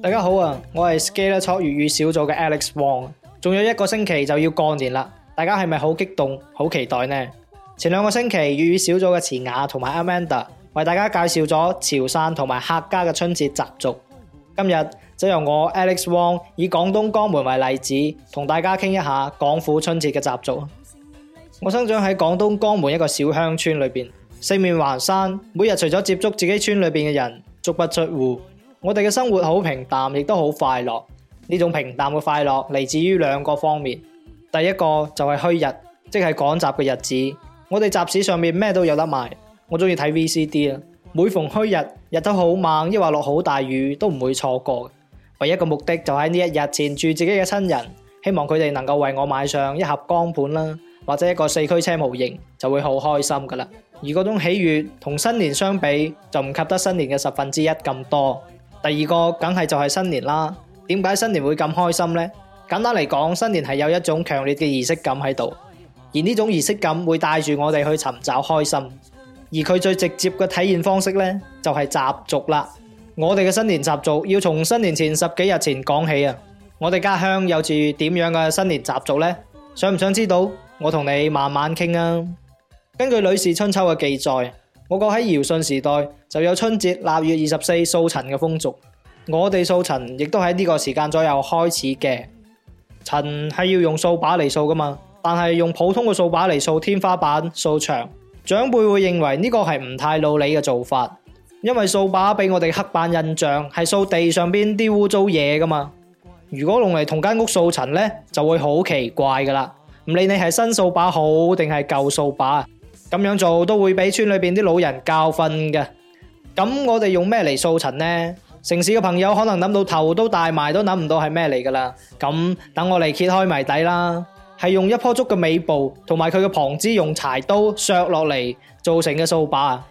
大家好啊，我係 Skylight 粵語小組嘅 Alex Wong，仲有一個星期就要過年啦，大家係咪好激動，好期待呢？前兩個星期粵語小組嘅慈雅同埋 Amanda 為大家介紹咗潮汕同埋客家嘅春節習俗，今日就由我 Alex Wong 以廣東江門為例子，同大家傾一下廣府春節嘅習俗。我生長喺廣東江門一個小鄉村裏邊。四面環山，每日除咗接觸自己村裏面嘅人，足不出戶，我哋嘅生活好平淡，亦都好快樂。呢種平淡嘅快樂嚟自於兩個方面，第一個就係墟日，即係趕集嘅日子。我哋集市上面咩都有得賣。我鍾意睇 VCD 啊，每逢墟日，日頭好猛，抑或落好大雨都唔會錯過。唯一一個目的就係呢一日纏住自己嘅親人，希望佢哋能夠為我買上一盒光盤啦，或者一個四驅車模型，就會好開心噶啦。而嗰種喜悦同新年相比就唔及得新年嘅十分之一咁多。第二個梗係就係新年啦。點解新年會咁開心呢？簡單嚟講，新年係有一種強烈嘅儀式感喺度，而呢種儀式感會帶住我哋去尋找開心。而佢最直接嘅體驗方式呢，就係習俗啦。我哋嘅新年習俗要從新年前十幾日前講起啊。我哋家鄉有住點樣嘅新年習俗呢？想唔想知道？我同你慢慢傾啊。根據《呂氏春秋》嘅記載，我國喺堯舜時代就有春節臘月二十四掃塵嘅風俗。我哋掃塵亦都喺呢個時間左右開始嘅。塵係要用掃把嚟掃噶嘛，但係用普通嘅掃把嚟掃天花板、掃牆，長輩會認為呢個係唔太老利嘅做法，因為掃把俾我哋黑板印象係掃地上邊啲污糟嘢噶嘛。如果用嚟同間屋掃塵呢，就會好奇怪噶啦。唔理你係新掃把好定係舊掃把。咁樣做都會俾村裏邊啲老人教訓嘅。咁我哋用咩嚟掃塵呢？城市嘅朋友可能諗到頭都大埋，都諗唔到係咩嚟噶啦。咁等我嚟揭開謎底啦，係用一棵竹嘅尾部同埋佢嘅旁枝，用柴刀削落嚟做成嘅掃把。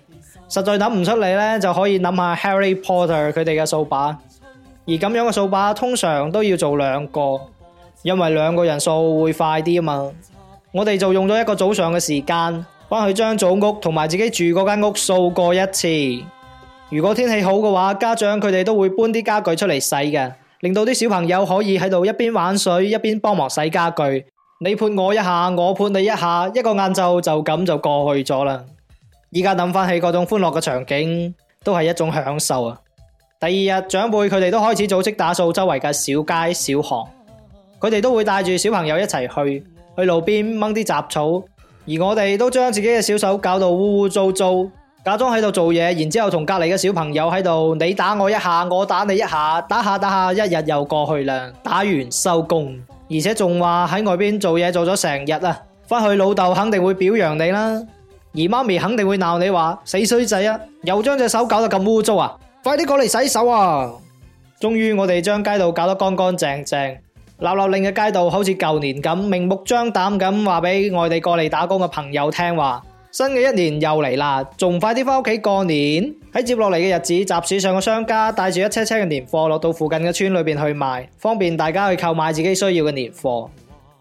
實在諗唔出嚟咧，就可以諗下 Harry Potter 佢哋嘅掃把。而咁樣嘅掃把通常都要做兩個，因為兩個人掃會快啲啊嘛。我哋就用咗一個早上嘅時間。返去將祖屋同埋自己住嗰間屋掃過一次。如果天氣好嘅話，家長佢哋都會搬啲家具出嚟洗嘅，令到啲小朋友可以喺度一邊玩水一邊幫忙洗家具。你潑我一下，我潑你一下，一個晏晝就咁就過去咗啦。依家諗返起嗰種歡樂嘅場景，都係一種享受啊！第二日，長輩佢哋都開始組織打掃周圍嘅小街小巷，佢哋都會帶住小朋友一齊去去路邊掹啲雜草。而我哋都將自己嘅小手搞到污污糟糟，假裝喺度做嘢，然之後同隔籬嘅小朋友喺度，你打我一下，我打你一下，打下打下，一日又過去啦。打完收工，而且仲話喺外邊做嘢做咗成日啊，返去老豆肯定會表揚你啦，而媽咪肯定會鬧你話死衰仔啊，又將隻手搞到咁污糟啊，快啲過嚟洗手啊！終於我哋將街道搞得乾乾淨淨。立立令嘅街道好似舊年咁，明目張膽咁話畀外地過嚟打工嘅朋友聽話，話新嘅一年又嚟啦，仲快啲翻屋企過年。喺接落嚟嘅日子，集市上嘅商家帶住一車車嘅年貨落到附近嘅村裏邊去賣，方便大家去購買自己需要嘅年貨。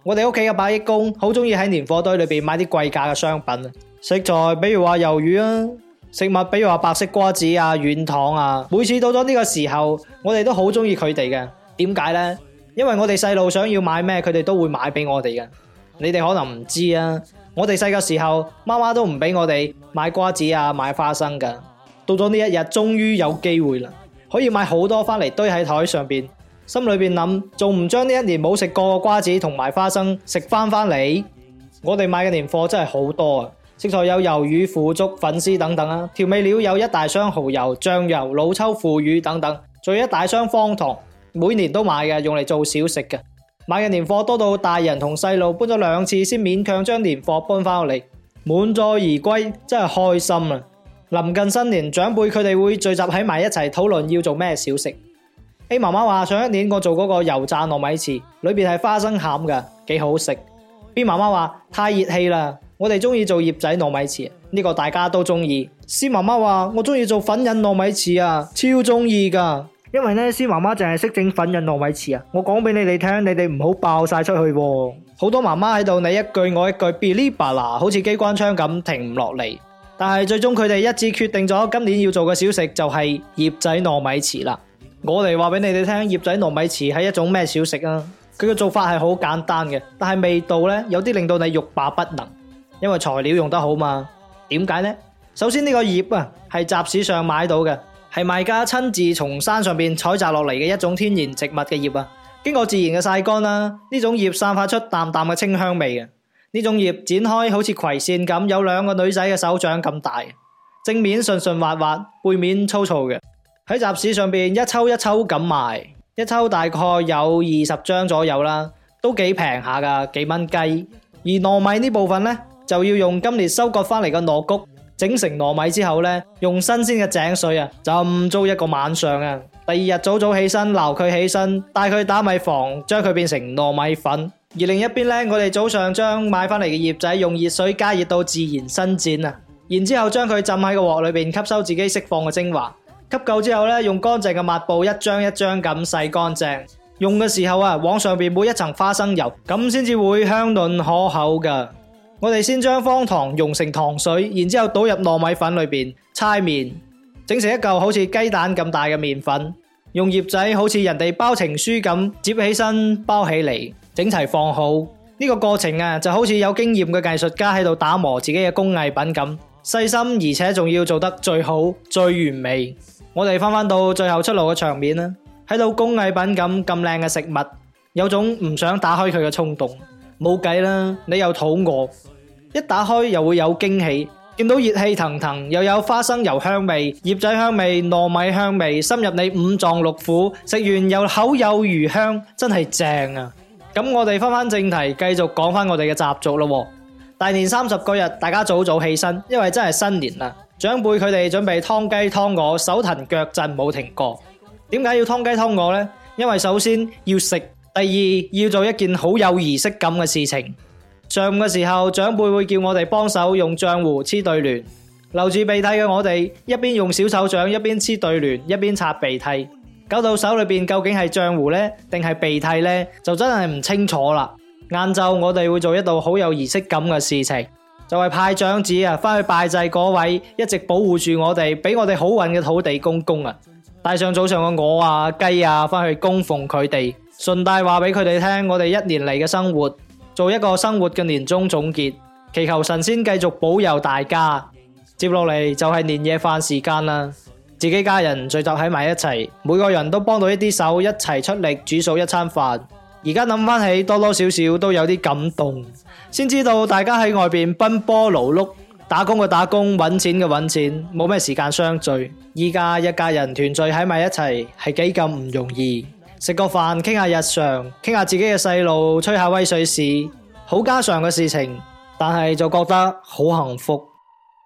我哋屋企嘅百億工好鍾意喺年貨堆裏邊買啲貴價嘅商品食材，比如話魷魚啊，食物比如話白色瓜子啊、軟糖啊。每次到咗呢個時候，我哋都好鍾意佢哋嘅，點解咧？因為我哋細路想要買咩，佢哋都會買俾我哋嘅。你哋可能唔知啊，我哋細嘅時候，媽媽都唔俾我哋買瓜子啊，買花生噶。到咗呢一日，終於有機會啦，可以買好多翻嚟堆喺台上面。心裏面諗，仲唔將呢一年冇食過嘅瓜子同埋花生食翻翻嚟？我哋買嘅年貨真係好多啊，食材有魷魚、腐竹、粉絲等等啊，調味料有一大箱蠔油、醬油、老抽、腐乳等等，仲有一大箱方糖。每年都買嘅，用嚟做小食嘅。買嘅年貨多到大人同細路搬咗兩次才強，先勉強將年貨搬翻屋嚟，滿載而歸，真係開心啊！臨近新年，長輩佢哋會聚集喺埋一齊討論要做咩小食。A 媽媽話：上一年我做嗰個油炸糯米糍，裏面係花生餡嘅，幾好食。B 媽媽話：太熱氣啦，我哋中意做葉仔糯米糍，呢個大家都中意。C 媽媽話：我中意做粉印糯米糍啊，超中意㗎。因為呢，師媽媽淨係識整粉印糯米糍啊！我講畀你哋聽，你哋唔好爆晒出去喎。好多媽媽喺度，你一句我一句，噼里啪啦，好似機關槍咁停唔落嚟。但係最終佢哋一致決定咗，今年要做嘅小食就係葉仔糯米糍啦。我嚟話畀你哋聽，葉仔糯米糍係一種咩小食啊？佢嘅做法係好簡單嘅，但係味道呢，有啲令到你欲罷不能，因為材料用得好嘛。點解呢？首先呢個葉啊，係集市上買到嘅。係賣家親自從山上邊採摘落嚟嘅一種天然植物嘅葉啊，經過自然嘅晒乾啦，呢種葉散發出淡淡嘅清香味嘅。呢種葉展開好似葵扇咁，有兩個女仔嘅手掌咁大，正面順順滑滑，背面粗糙嘅。喺集市上邊一抽一抽咁賣，一抽大概有二十張左右啦，都幾平下噶，幾蚊雞。而糯米呢部分呢，就要用今年收割翻嚟嘅糯谷。整成糯米之後呢，用新鮮嘅井水啊，浸足一個晚上啊，第二日早早起身，鬧佢起身，帶佢打米房，將佢變成糯米粉。而另一邊呢，我哋早上將買翻嚟嘅葉仔用熱水加熱到自然伸展啊，然之後將佢浸喺個鍋裏面，吸收自己釋放嘅精華，吸夠之後呢，用乾淨嘅抹布一張一張咁洗乾淨。用嘅時候啊，往上面抹一層花生油，咁先至會香嫩可口噶。我哋先將方糖溶成糖水，然之後倒入糯米粉裏邊，搓麵，整成一嚿好似雞蛋咁大嘅麵粉，用葉仔好似人哋包情書咁折起身包起嚟，整齊放好。呢個過程啊，就好似有經驗嘅藝術家喺度打磨自己嘅工藝品咁，細心而且仲要做得最好最完美。我哋翻翻到最後出爐嘅場面啦，喺到工藝品咁咁靚嘅食物，有種唔想打開佢嘅衝動。冇計啦，你又肚餓，一打開又會有驚喜，見到熱氣騰騰，又有花生油香味、葉仔香味、糯米香味，深入你五臟六腑，食完又口有餘香，真係正啊！咁我哋翻翻正題，繼續講翻我哋嘅習俗咯。大年三十嗰日，大家早早起身，因為真係新年啦。長輩佢哋準備湯雞湯鵝，手騰腳震冇停過。點解要湯雞湯鵝呢？因為首先要食。第二要做一件好有儀式感嘅事情。上午嘅時候，長輩會叫我哋幫手用漿糊黐對聯，留住鼻涕嘅我哋一邊用小手掌一邊黐對聯，一邊擦鼻涕，搞到手裏面究竟係漿糊呢定係鼻涕呢，就真係唔清楚啦。晏晝我哋會做一道好有儀式感嘅事情，就係派長子啊，翻去拜祭嗰位一直保護住我哋，俾我哋好運嘅土地公公啊，帶上早上嘅鵝啊雞啊，翻去供奉佢哋。順帶話俾佢哋聽，我哋一年嚟嘅生活，做一個生活嘅年終總結，祈求神仙繼續保佑大家。接落嚟就係年夜飯時間啦，自己家人聚集喺埋一齊，每個人都幫到一啲手，一齊出力煮餸一餐飯。而家諗翻起，多多少少都有啲感動，先知道大家喺外邊奔波勞碌，打工嘅打工，揾錢嘅揾錢，冇咩時間相聚。依家一家人團聚喺埋一齊，係幾咁唔容易。食個飯，傾下日常，傾下自己嘅細路，吹下威水史，好家常嘅事情，但係就覺得好幸福。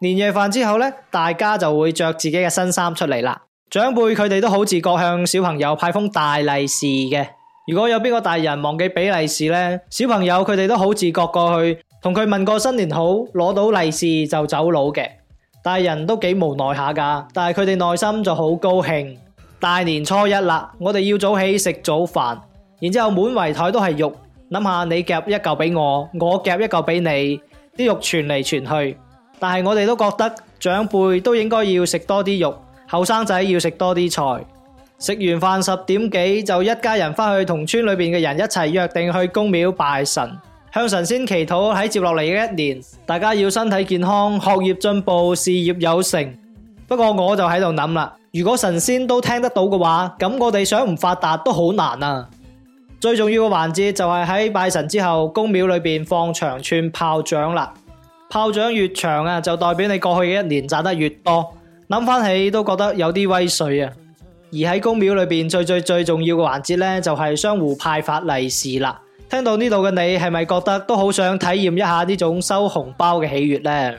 年夜飯之後咧，大家就會着自己嘅新衫出嚟啦。長輩佢哋都好自覺向小朋友派封大利是嘅。如果有邊個大人忘記俾利是咧，小朋友佢哋都好自覺過去同佢問個新年好，攞到利是就走佬嘅。大人都幾無奈下噶，但係佢哋內心就好高興。大年初一啦，我哋要早起食早飯，然之後滿圍台都係肉，諗下你夾一嚿俾我，我夾一嚿俾你，啲肉傳嚟傳去。但係我哋都覺得長輩都應該要食多啲肉，後生仔要食多啲菜。食完飯十點幾，就一家人返去同村裏邊嘅人一齊約定去宮廟拜神，向神仙祈禱。喺接落嚟嘅一年，大家要身體健康、學業進步、事業有成。不過我就喺度諗啦。如果神仙都聽得到嘅話，咁我哋想唔發達都好難啊！最重要嘅環節就係喺拜神之後，宮廟裏邊放長串炮仗啦。炮仗越長啊，就代表你過去嘅一年賺得越多。諗翻起都覺得有啲威水啊！而喺宮廟裏邊最最最重要嘅環節咧，就係相互派發利是啦。聽到呢度嘅你係咪覺得都好想體驗一下呢種收紅包嘅喜悅咧？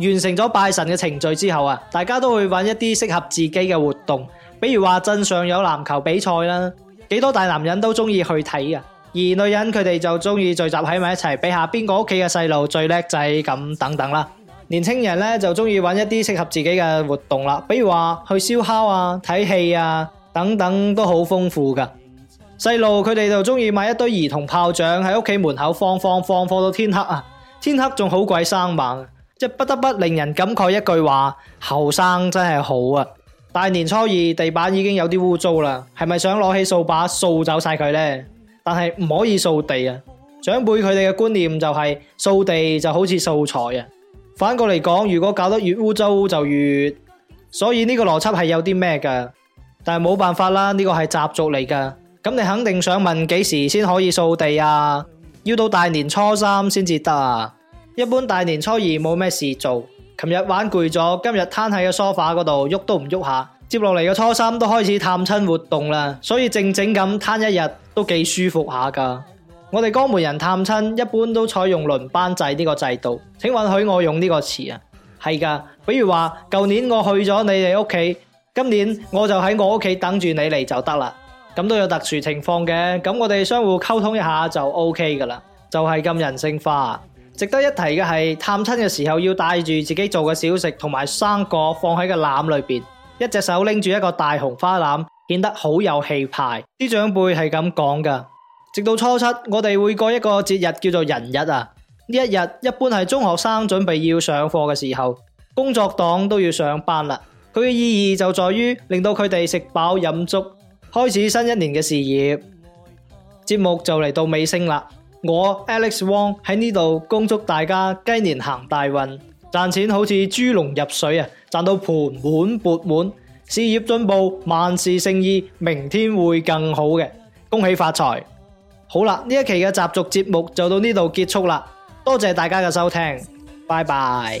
完成咗拜神嘅程序之後啊，大家都會揾一啲適合自己嘅活動，比如話鎮上有籃球比賽啦，幾多大男人都中意去睇啊。而女人佢哋就中意聚集喺埋一齊，比下邊個屋企嘅細路最叻仔咁等等啦。年輕人呢，就中意揾一啲適合自己嘅活動啦，比如話去燒烤啊、睇戲啊等等都好豐富噶。細路佢哋就中意買一堆兒童炮仗喺屋企門口放放放放到天黑啊，天黑仲好鬼生猛。即不得不令人感慨一句話：後生真係好啊！大年初二地板已經有啲污糟啦，係咪想攞起掃把掃走晒佢咧？但係唔可以掃地啊！長輩佢哋嘅觀念就係、是、掃地就好似掃財啊！反過嚟講，如果搞得越污糟就越……所以呢個邏輯係有啲咩噶？但係冇辦法啦，呢個係習俗嚟噶。咁你肯定想問幾時先可以掃地啊？要到大年初三先至得啊！一般大年初二冇咩事做，琴日玩攰咗，今日攤喺個 sofa 嗰度，喐都唔喐下。接落嚟嘅初三都開始探親活動啦，所以靜靜咁攤一日都幾舒服下噶。我哋江門人探親一般都採用輪班制呢個制度，請允許我用呢個詞啊。係噶，比如話舊年我去咗你哋屋企，今年我就喺我屋企等住你嚟就得啦。咁都有特殊情況嘅，咁我哋相互溝通一下就 OK 噶啦，就係咁人性化。值得一提嘅係，探親嘅時候要帶住自己做嘅小食同埋生果放喺個籃裏邊，一隻手拎住一個大紅花籃，顯得好有氣派。啲長輩係咁講㗎。直到初七，我哋會過一個節日叫做人日啊！呢一日一般係中學生準備要上課嘅時候，工作黨都要上班啦。佢嘅意義就在於令到佢哋食飽飲足，開始新一年嘅事業。節目就嚟到尾聲啦。我 Alex Wong 喺呢度恭祝大家雞年行大運，賺錢好似豬籠入水啊！賺到盆滿缽滿，事業進步，萬事勝意，明天會更好嘅，恭喜發財！好啦，呢一期嘅習俗節目就到呢度結束啦，多謝大家嘅收聽，拜拜。